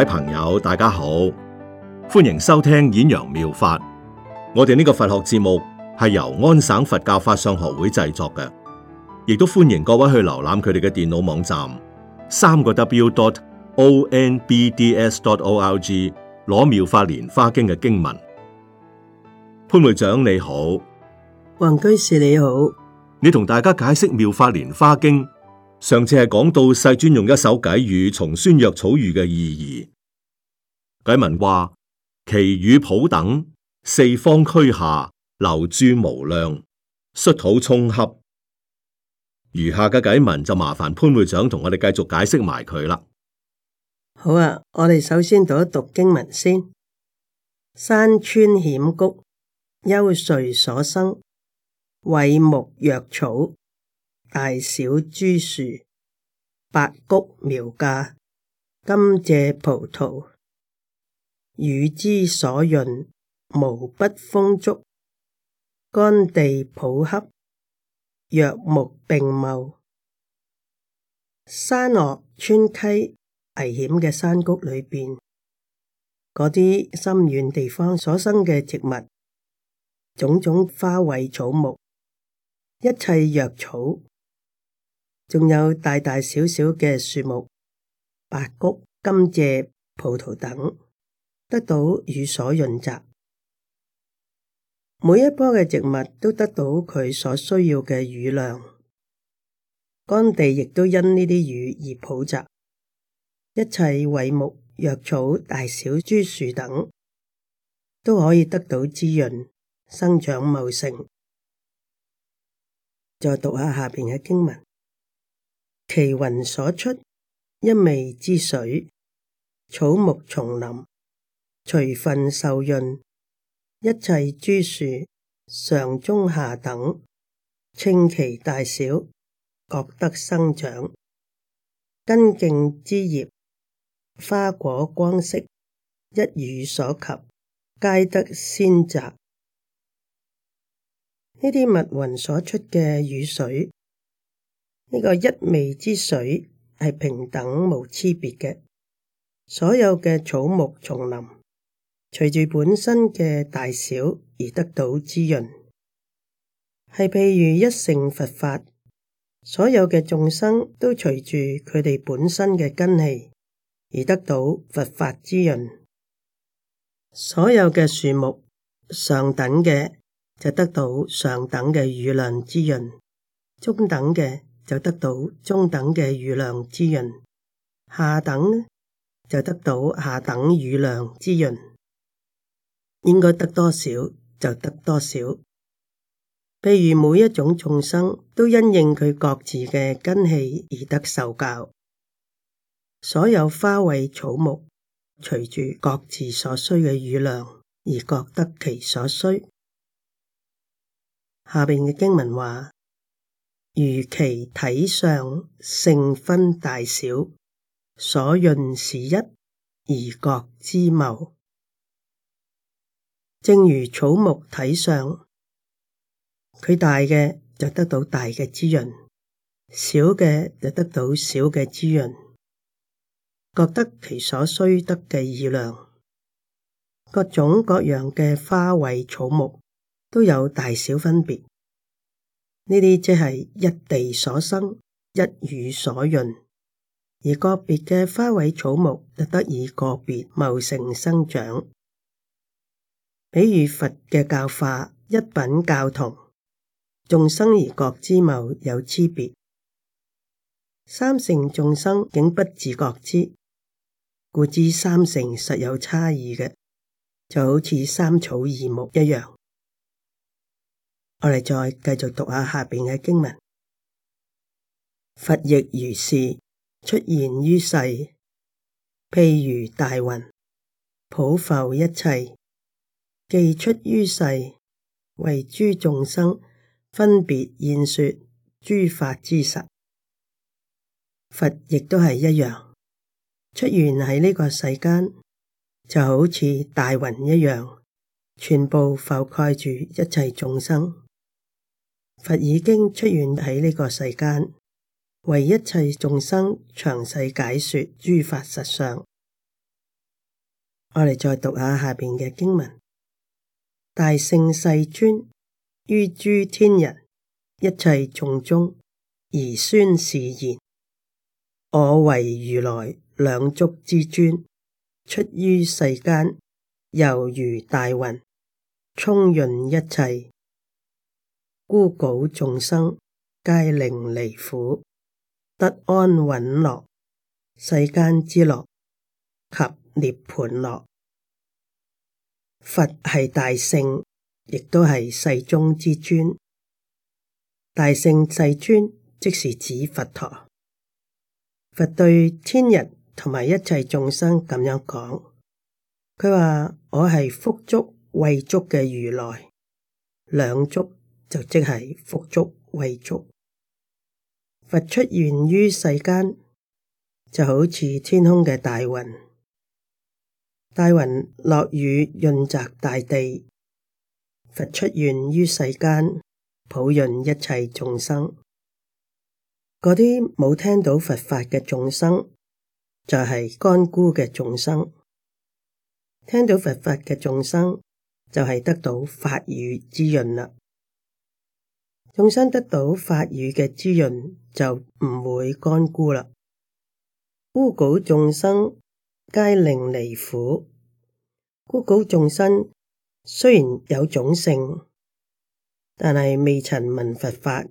各位朋友，大家好，歡迎收聽演揚妙，妙法。我哋呢個佛學節目係由安省佛教法相學會製作嘅，亦都歡迎各位去瀏覽佢哋嘅電腦網站，三個 w.dot.o.n.b.d.s.dot.o.r.g 攞妙法蓮花經嘅經文。潘會長你好，黃居士你好，你同大家解釋妙法蓮花經。上次係講到世尊用一首偈語從宣藥草喻嘅意義，偈文話其雨普等，四方俱下，流澍無量，率土充洽。餘下嘅偈文就麻煩潘會長同我哋繼續解釋埋佢啦。好啊，我哋首先讀一讀經文先。山川險谷，幽邃所生，為木藥草。大小諸樹，百穀苗架、甘蔗葡萄，雨之所潤，無不豐足。乾地普洽，藥木並茂。山岳川溪危險嘅山谷裏邊，嗰啲深遠地方所生嘅植物，種種花卉草木，一切藥草。仲有大大小小嘅樹木、白菊、甘蔗、葡萄等，得到雨所潤澤。每一棵嘅植物都得到佢所需要嘅雨量，乾地亦都因呢啲雨而普澤。一切卉木、藥草、大小諸樹等，都可以得到滋潤，生長茂盛。再讀下下邊嘅經文。其雲所出，一味之水，草木叢林隨份受潤，一切諸樹上中下等，稱其大小，各得生長。根莖枝葉，花果光色，一雨所及，皆得鮮澤。呢啲密雲所出嘅雨水。呢個一味之水係平等無差別嘅，所有嘅草木叢林隨住本身嘅大小而得到滋潤，係譬如一乘佛法，所有嘅眾生都隨住佢哋本身嘅根器而得到佛法滋潤。所有嘅樹木，上等嘅就得到上等嘅雨量滋潤，中等嘅。就得到中等嘅雨量滋潤，下等就得到下等雨量滋潤，應該得多少就得多少。譬如每一種眾生都因應佢各自嘅根氣而得受教，所有花卉草木隨住各自所需嘅雨量而各得其所需。下面嘅經文話。如其體相性分大小，所潤是一而各之謀。正如草木體相，佢大嘅就得到大嘅滋潤，小嘅就得到小嘅滋潤，各得其所需得嘅意量。各種各樣嘅花卉草木都有大小分別。呢啲即係一地所生，一雨所潤，而個別嘅花卉草木就得，得以個別茂盛生長。比如佛嘅教化，一品教同眾生而各之茂有差別，三成眾生竟不自覺之，故知三成實有差異嘅，就好似三草二木一樣。我哋再繼續讀下下邊嘅經文。佛亦如是出現於世，譬如大雲普覆一切，既出於世，為諸眾生分別現說諸法之實。佛亦都係一樣，出現喺呢個世間，就好似大雲一樣，全部覆蓋住一切眾生。佛已經出現喺呢個世間，為一切眾生詳細解說諸法實相。我哋再讀下下邊嘅經文：大聖世尊於諸天人，一切眾中而宣是言：我為如來兩足之尊，出於世間，猶如大雲，充潤一切。孤稿眾生，皆令離苦得安穩樂，世間之樂及涅槃樂。佛係大聖，亦都係世中之尊。大聖世尊即是指佛陀。佛對天人同埋一切眾生咁樣講，佢話我係福足慧足嘅如來兩足。就即係福足慧足，佛出現於世間，就好似天空嘅大雲，大雲落雨潤澤大地。佛出現於世間，普潤一切眾生。嗰啲冇聽到佛法嘅眾生，就係、是、乾枯嘅眾生；聽到佛法嘅眾生，就係、是、得到法雨滋潤啦。眾生得到法雨嘅滋潤，就唔會乾枯啦。枯槁眾生皆令離苦。枯槁眾生雖然有種性，但係未曾聞佛法，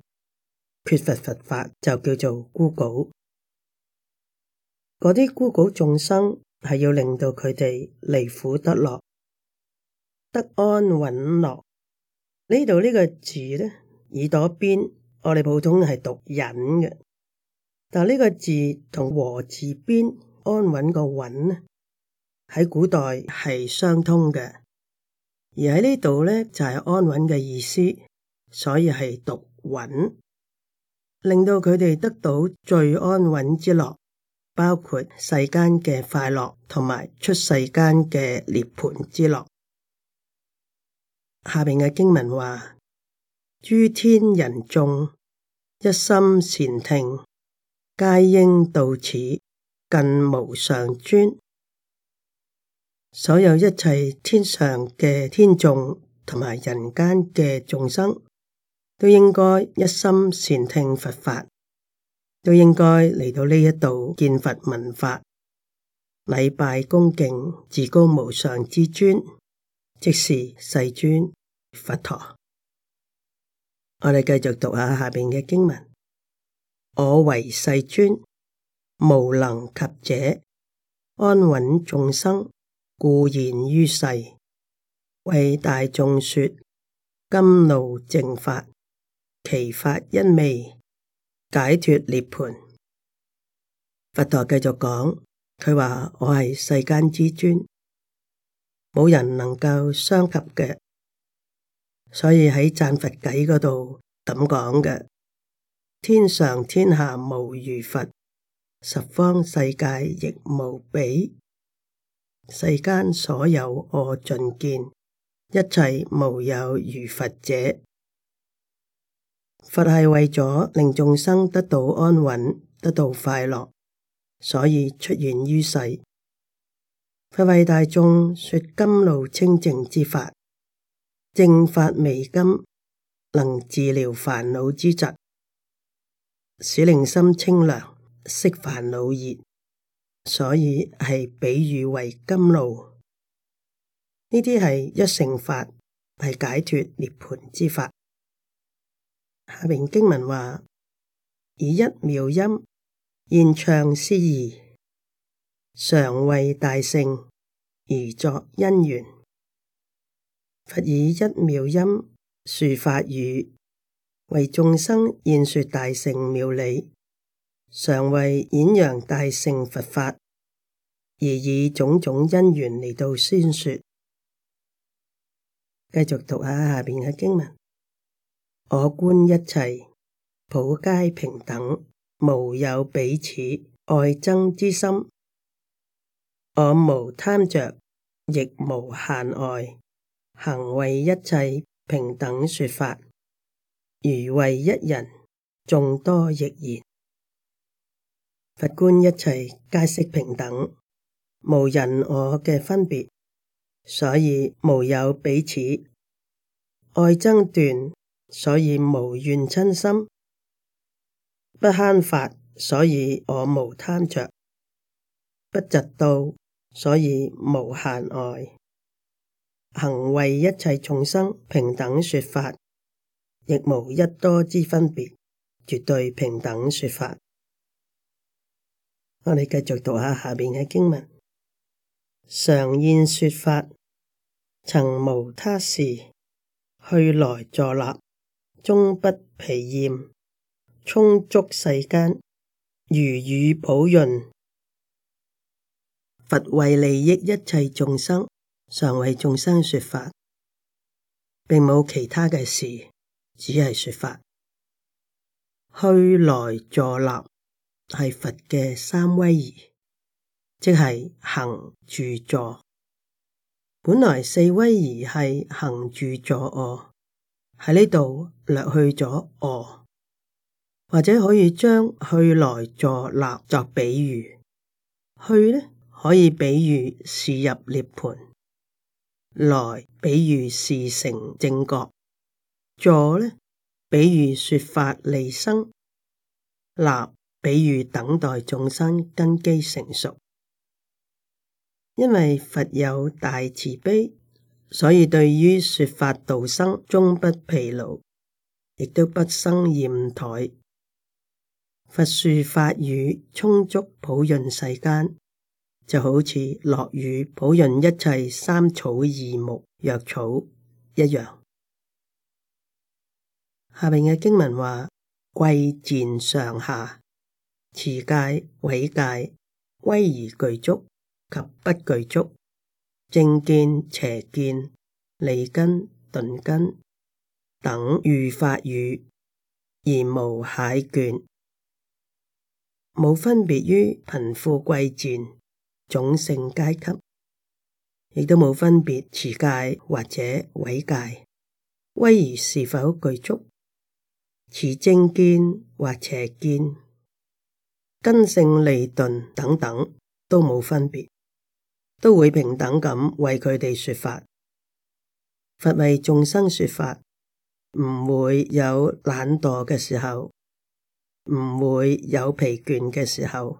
缺乏佛法就叫做枯槁。嗰啲枯槁眾生係要令到佢哋離苦得樂，得安穩樂。呢度呢個字呢。耳朵邊，我哋普通係讀隱嘅，但呢個字同和，和字邊安穩個穩喺古代係相通嘅，而喺呢度呢，就係安穩嘅意思，所以係讀穩，令到佢哋得到最安穩之樂，包括世間嘅快樂同埋出世間嘅涅槃之樂。下邊嘅經文話。諸天人眾一心善聽，皆應到此近無上尊。所有一切天上嘅天眾同埋人間嘅眾生，都應該一心善聽佛法，都應該嚟到呢一度見佛聞法，禮拜恭敬至高無上之尊，即是世尊佛陀。我哋繼續讀下下邊嘅經文。我為世尊，無能及者，安穩眾生，固然於世，為大眾說。甘露淨法，其法一味，解脫涅槃。佛陀繼續講，佢話我係世間之尊，冇人能夠相及嘅。所以喺讚佛偈嗰度，咁講嘅：天上天下無如佛，十方世界亦無比。世間所有我盡見，一切無有如佛者。佛係為咗令眾生得到安穩，得到快樂，所以出現於世。佛為大眾說甘露清淨之法。正法微甘，能治療煩惱之疾，使令心清涼，息煩惱熱，所以係比喻為甘露。呢啲係一乘法，係解脫涅槃之法。下面經文話：以一妙音現唱思義，常為大聖而作因緣。佛以一妙音澍法雨，為眾生演說大乘妙理，常為演揚大乘佛法，而以種種因緣嚟到宣說。繼續讀下下邊嘅經文：我觀一切普皆平等，無有彼此愛憎之心，我無貪着，亦無限愛。行為一切平等說法，如為一人，眾多亦然。佛觀一切皆識平等，無人我嘅分別，所以無有彼此愛爭斷，所以無怨親心，不慳法，所以我無貪着；不窒道，所以無限礙。行為一切眾生平等說法，亦無一多之分別，絕對平等說法。我哋繼續讀下下邊嘅經文：常現說法，曾無他事，去來坐立，終不疲厭，充足世間，如雨普潤，佛為利益一切眾生。上為眾生說法，並冇其他嘅事，只係說法。去來坐立係佛嘅三威儀，即係行住坐。本來四威儀係行住坐卧，喺呢度略去咗卧。或者可以將去來坐立作比喻。去呢可以比喻是入涅盤。來，比如事成正覺；坐呢，比如說法利生；立，比如等待眾生根基成熟。因為佛有大慈悲，所以對於說法度生，終不疲勞，亦都不生厭怠。佛說法語充足，普潤世間。就好似落雨普潤一切三草二木藥草一樣。下邊嘅經文話：貴賤上下，持戒毀戒，威儀具足及不具足，正見邪見，利根鈍根等雨法雨，而無懈倦，冇分別於貧富貴賤。種姓階級亦都冇分別，持戒或者毀戒，威儀是否具足，持正見或邪見，根性利鈍等等都冇分別，都會平等咁為佢哋說法，佛為眾生說法，唔會有懶惰嘅時候，唔會有疲倦嘅時候。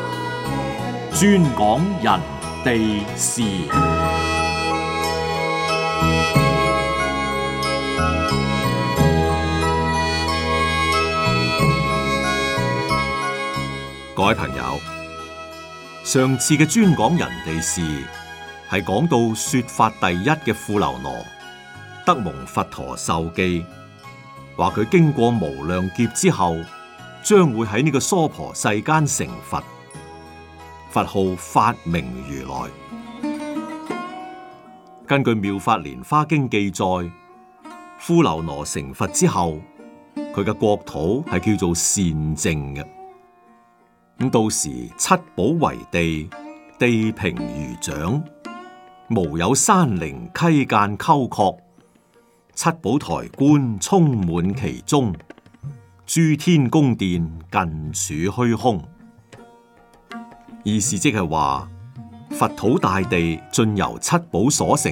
專講人地事，各位朋友，上次嘅專講人地事係講到說法第一嘅富樓那德蒙佛陀授記，話佢經過無量劫之後，將會喺呢個娑婆世間成佛。佛號法明如來。根據《妙法蓮花經》記載，富樓羅成佛之後，佢嘅國土係叫做善淨嘅。咁到時七寶為地，地平如掌，無有山陵溪澗溝壑，七寶台觀充滿其中，諸天宮殿近處虛空。意思即係話，佛土大地盡由七寶所成，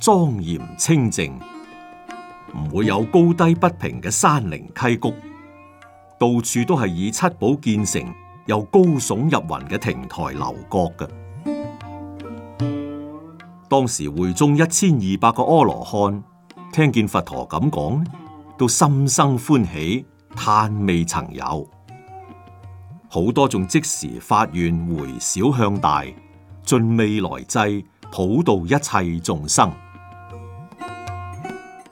莊嚴清淨，唔會有高低不平嘅山嶺溪谷，到處都係以七寶建成又高聳入雲嘅亭台樓閣㗎。當時會中一千二百個阿羅漢聽見佛陀咁講，都心生歡喜，嘆未曾有。好多仲即時發願回小向大，盡未來際普度一切眾生。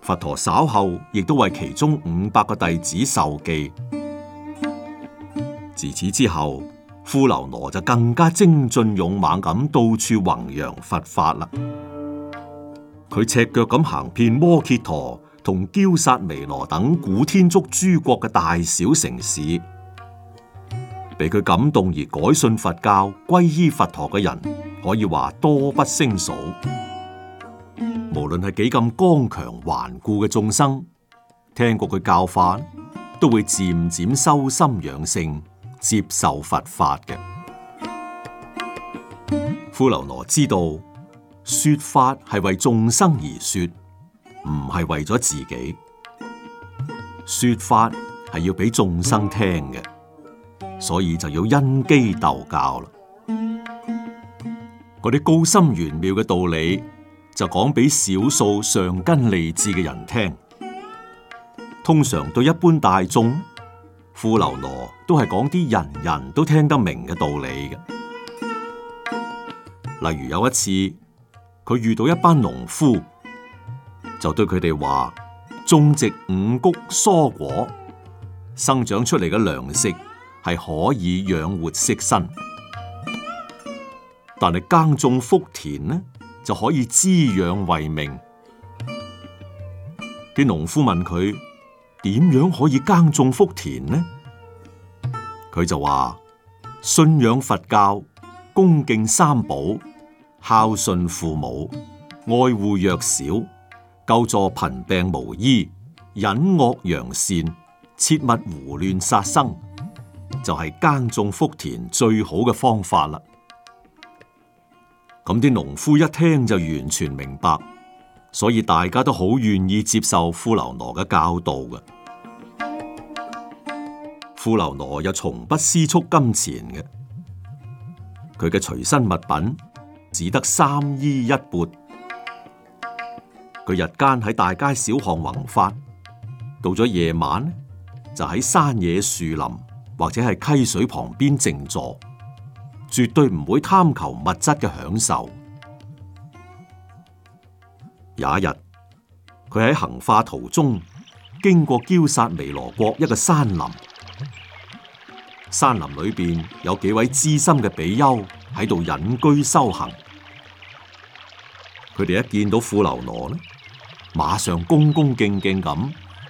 佛陀稍後亦都為其中五百個弟子授記。自此之後，富樓羅就更加精進勇猛咁，到處弘揚佛法啦。佢赤腳咁行遍摩羯陀同憍薩彌羅等古天竺諸國嘅大小城市。被佢感動而改信佛教，皈依佛陀嘅人，可以話多不勝數。無論係幾咁剛強頑固嘅眾生，聽過佢教法，都會漸漸修心養性，接受佛法嘅。富樓羅知道，說法係為眾生而說，唔係為咗自己。說法係要俾眾生聽嘅。所以就要因機逗教啦。嗰啲高深玄妙嘅道理，就講俾少數上根利智嘅人聽。通常對一般大眾、富流羅，都係講啲人人都聽得明嘅道理嘅。例如有一次，佢遇到一班農夫，就對佢哋話：種植五穀蔬果，生長出嚟嘅糧食。係可以養活色身，但係耕種福田呢，就可以滋養為命。啲農夫問佢點樣可以耕種福田呢？佢就話：信仰佛教，恭敬三寶，孝順父母，愛護弱小，救助貧病無醫，隱惡揚善，切勿胡亂殺生。就係耕種福田最好嘅方法啦。咁啲農夫一聽就完全明白，所以大家都好願意接受富流羅嘅教導嘅。富流羅又從不私蓄金錢嘅，佢嘅隨身物品只得三衣一鉢，佢日間喺大街小巷宏法，到咗夜晚就喺山野樹林。或者喺溪水旁邊靜坐，絕對唔會貪求物質嘅享受。有一日，佢喺行化途中經過嬌薩微羅國一個山林，山林裏邊有幾位資深嘅比丘喺度隱居修行。佢哋一見到富流羅呢，馬上恭恭敬敬咁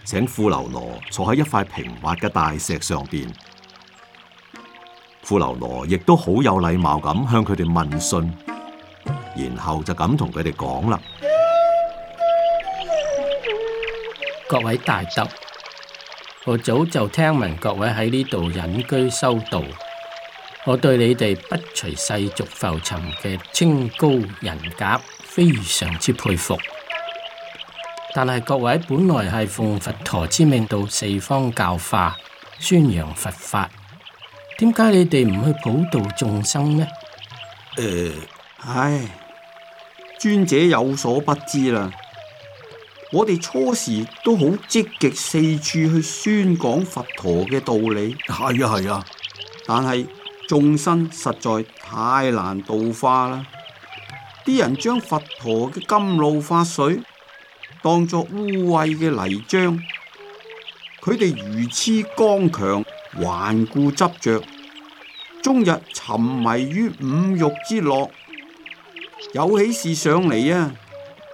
請富流羅坐喺一塊平滑嘅大石上邊。富流羅亦都好有禮貌咁向佢哋問訊，然後就咁同佢哋講啦。各位大德，我早就聽聞各位喺呢度隱居修道，我對你哋不隨世俗浮沉嘅清高人格非常之佩服。但係各位本來係奉佛陀之命到四方教化，宣揚佛法。點解你哋唔去普度眾生呢、呃？唉，尊者有所不知啦。我哋初時都好積極，四處去宣講佛陀嘅道理。係啊係啊，啊但係眾生實在太難度化啦。啲人將佛陀嘅甘露化水當作污穢嘅泥漿，佢哋如此剛強，頑固執着，終日沉迷於五欲之樂。有喜事上嚟啊，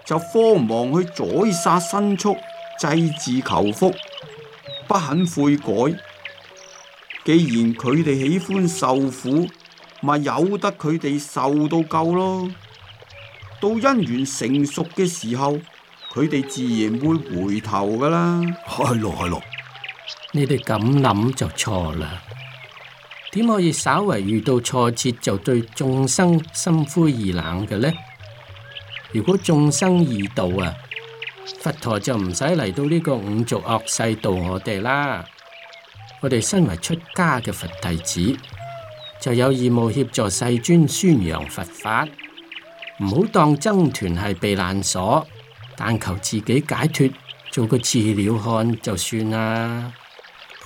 就慌忙去宰殺牲畜，祭祀、求福，不肯悔改。既然佢哋喜歡受苦，咪由得佢哋受到夠咯。到因緣成熟嘅時候，佢哋自然會回頭噶啦。係咯，係咯。你哋咁諗就錯啦，點可以稍為遇到挫折就對眾生心灰意冷嘅呢？如果眾生易度啊，佛陀就唔使嚟到呢個五濁惡世度我哋啦。我哋身為出家嘅佛弟子，就有義務協助世尊宣揚佛法，唔好當僧團係避難所，但求自己解脫，做個自了漢就算啦。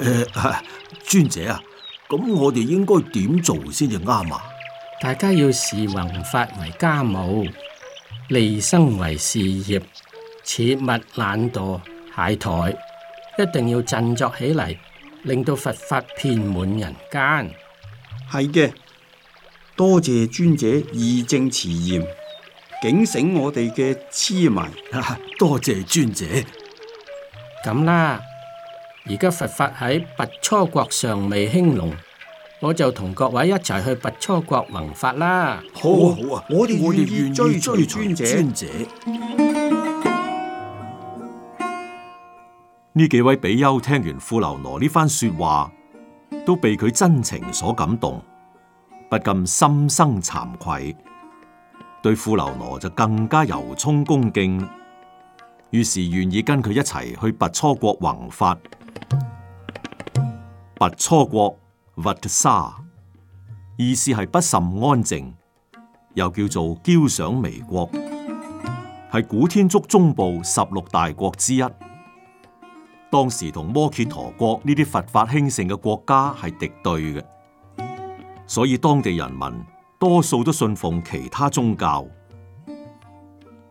誒、呃，尊者啊，咁我哋應該點做先至啱啊？大家要視弘法為家務，利生為事業，切勿懶惰懈怠，一定要振作起嚟，令到佛法遍滿人間。係嘅，多謝尊者義正辭嚴，警醒我哋嘅痴迷。多謝尊者，咁啦。而家佛法喺拔初國尚未興隆，我就同各位一齊去拔初國弘法啦！好啊，好啊，我哋願意追,追尊者。呢幾位比丘聽完富流羅呢番說話，都被佢真情所感動，不禁心生慚愧，對富流羅就更加由衷恭敬，於是願意跟佢一齊去拔初國弘法。跋蹉國，Vatsa，意思係不甚安靜，又叫做憍賞彌國，係古天竺中部十六大國之一。當時同摩揭陀國呢啲佛法興盛嘅國家係敵對嘅，所以當地人民多數都信奉其他宗教。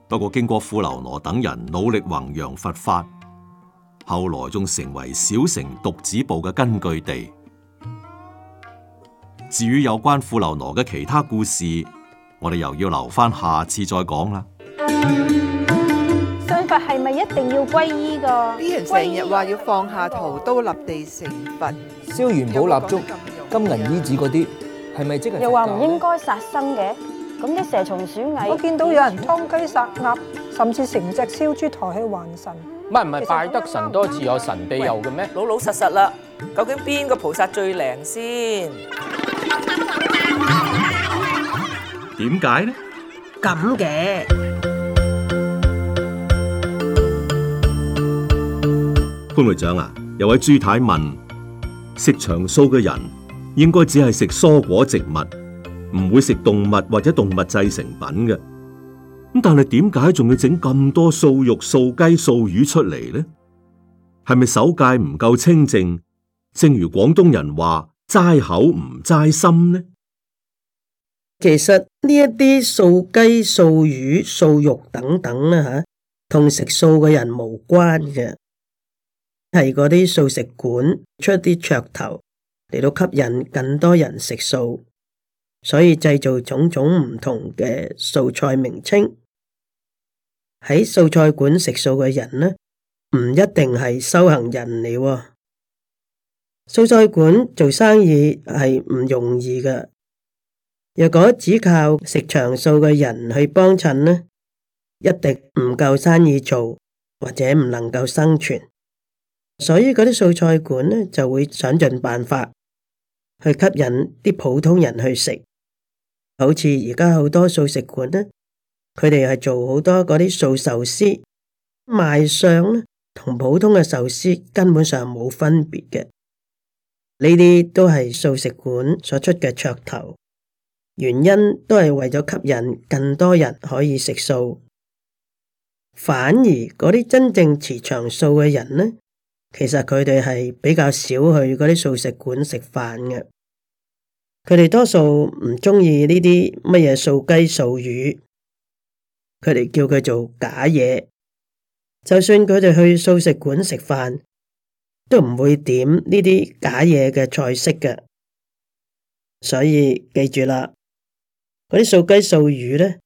不過經過富流羅等人努力弘揚佛法。後來仲成為小城獨子部嘅根據地。至於有關富流羅嘅其他故事，我哋又要留翻下，下次再講啦。信佛係咪一定要皈依噶？啲人成日話要放下屠刀立地成佛，燒元寶蠟燭、金銀衣紙嗰啲，係咪、嗯、即係？又話唔應該殺生嘅，咁啲蛇蟲鼠蟻，我見到有人劏雞殺鴨，甚至成隻燒豬抬去還神。唔係唔係，拜得神多自有神庇佑嘅咩？老老實實啦，究竟邊個菩薩最靈先？點解呢？咁嘅潘會長啊，有位豬太問：食長素嘅人應該只係食蔬果植物，唔會食動物或者動物製成品嘅。但係點解仲要整咁多素肉、素雞、素魚出嚟呢？係咪首屆唔夠清淨？正如廣東人話齋口唔齋心呢？其實呢一啲素雞、素魚、素肉等等咧吓，同食素嘅人無關嘅，係嗰啲素食館出啲噱頭嚟到吸引更多人食素，所以製造種種唔同嘅素菜名稱。喺素菜館食素嘅人呢，唔一定係修行人嚟喎。素菜館做生意係唔容易㗎，若果只靠食長素嘅人去幫襯呢，一定唔夠生意做，或者唔能夠生存。所以嗰啲素菜館呢，就會想盡辦法去吸引啲普通人去食，好似而家好多素食館呢。佢哋係做好多嗰啲素壽司，賣相，同普通嘅壽司根本上冇分別嘅。呢啲都係素食館所出嘅噱頭，原因都係為咗吸引更多人可以食素。反而嗰啲真正持長素嘅人呢，其實佢哋係比較少去嗰啲素食館食飯嘅。佢哋多數唔中意呢啲乜嘢素雞素魚。佢哋叫佢做假嘢，就算佢哋去素食館食飯，都唔會點呢啲假嘢嘅菜式嘅。所以記住啦，嗰啲素雞素魚咧，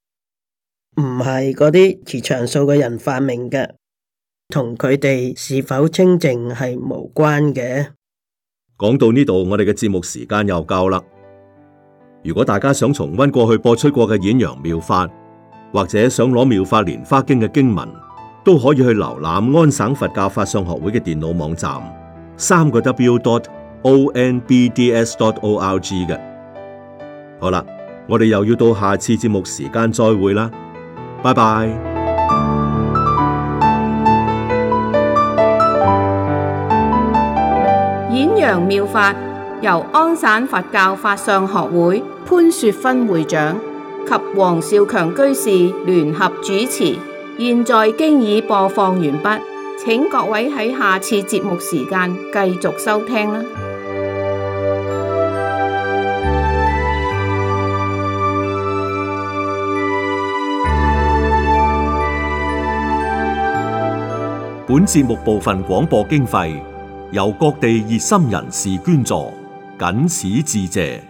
唔係嗰啲持長素嘅人發明嘅，同佢哋是否清淨係無關嘅。講到呢度，我哋嘅節目時間又夠啦。如果大家想重溫過去播出過嘅演揚妙法。或者想攞《妙法蓮花經》嘅經文，都可以去瀏覽安省佛教法相學會嘅電腦網站，三個 w dot o n b d s dot o r g 嘅。好啦，我哋又要到下次節目時間再會啦，拜拜。演揚妙法，由安省佛教法相學會潘雪芬會長及黃少強居士聯合主持，現在經已播放完畢，請各位喺下次節目時間繼續收聽啦。本節目部分廣播經費由各地熱心人士捐助，僅此致謝。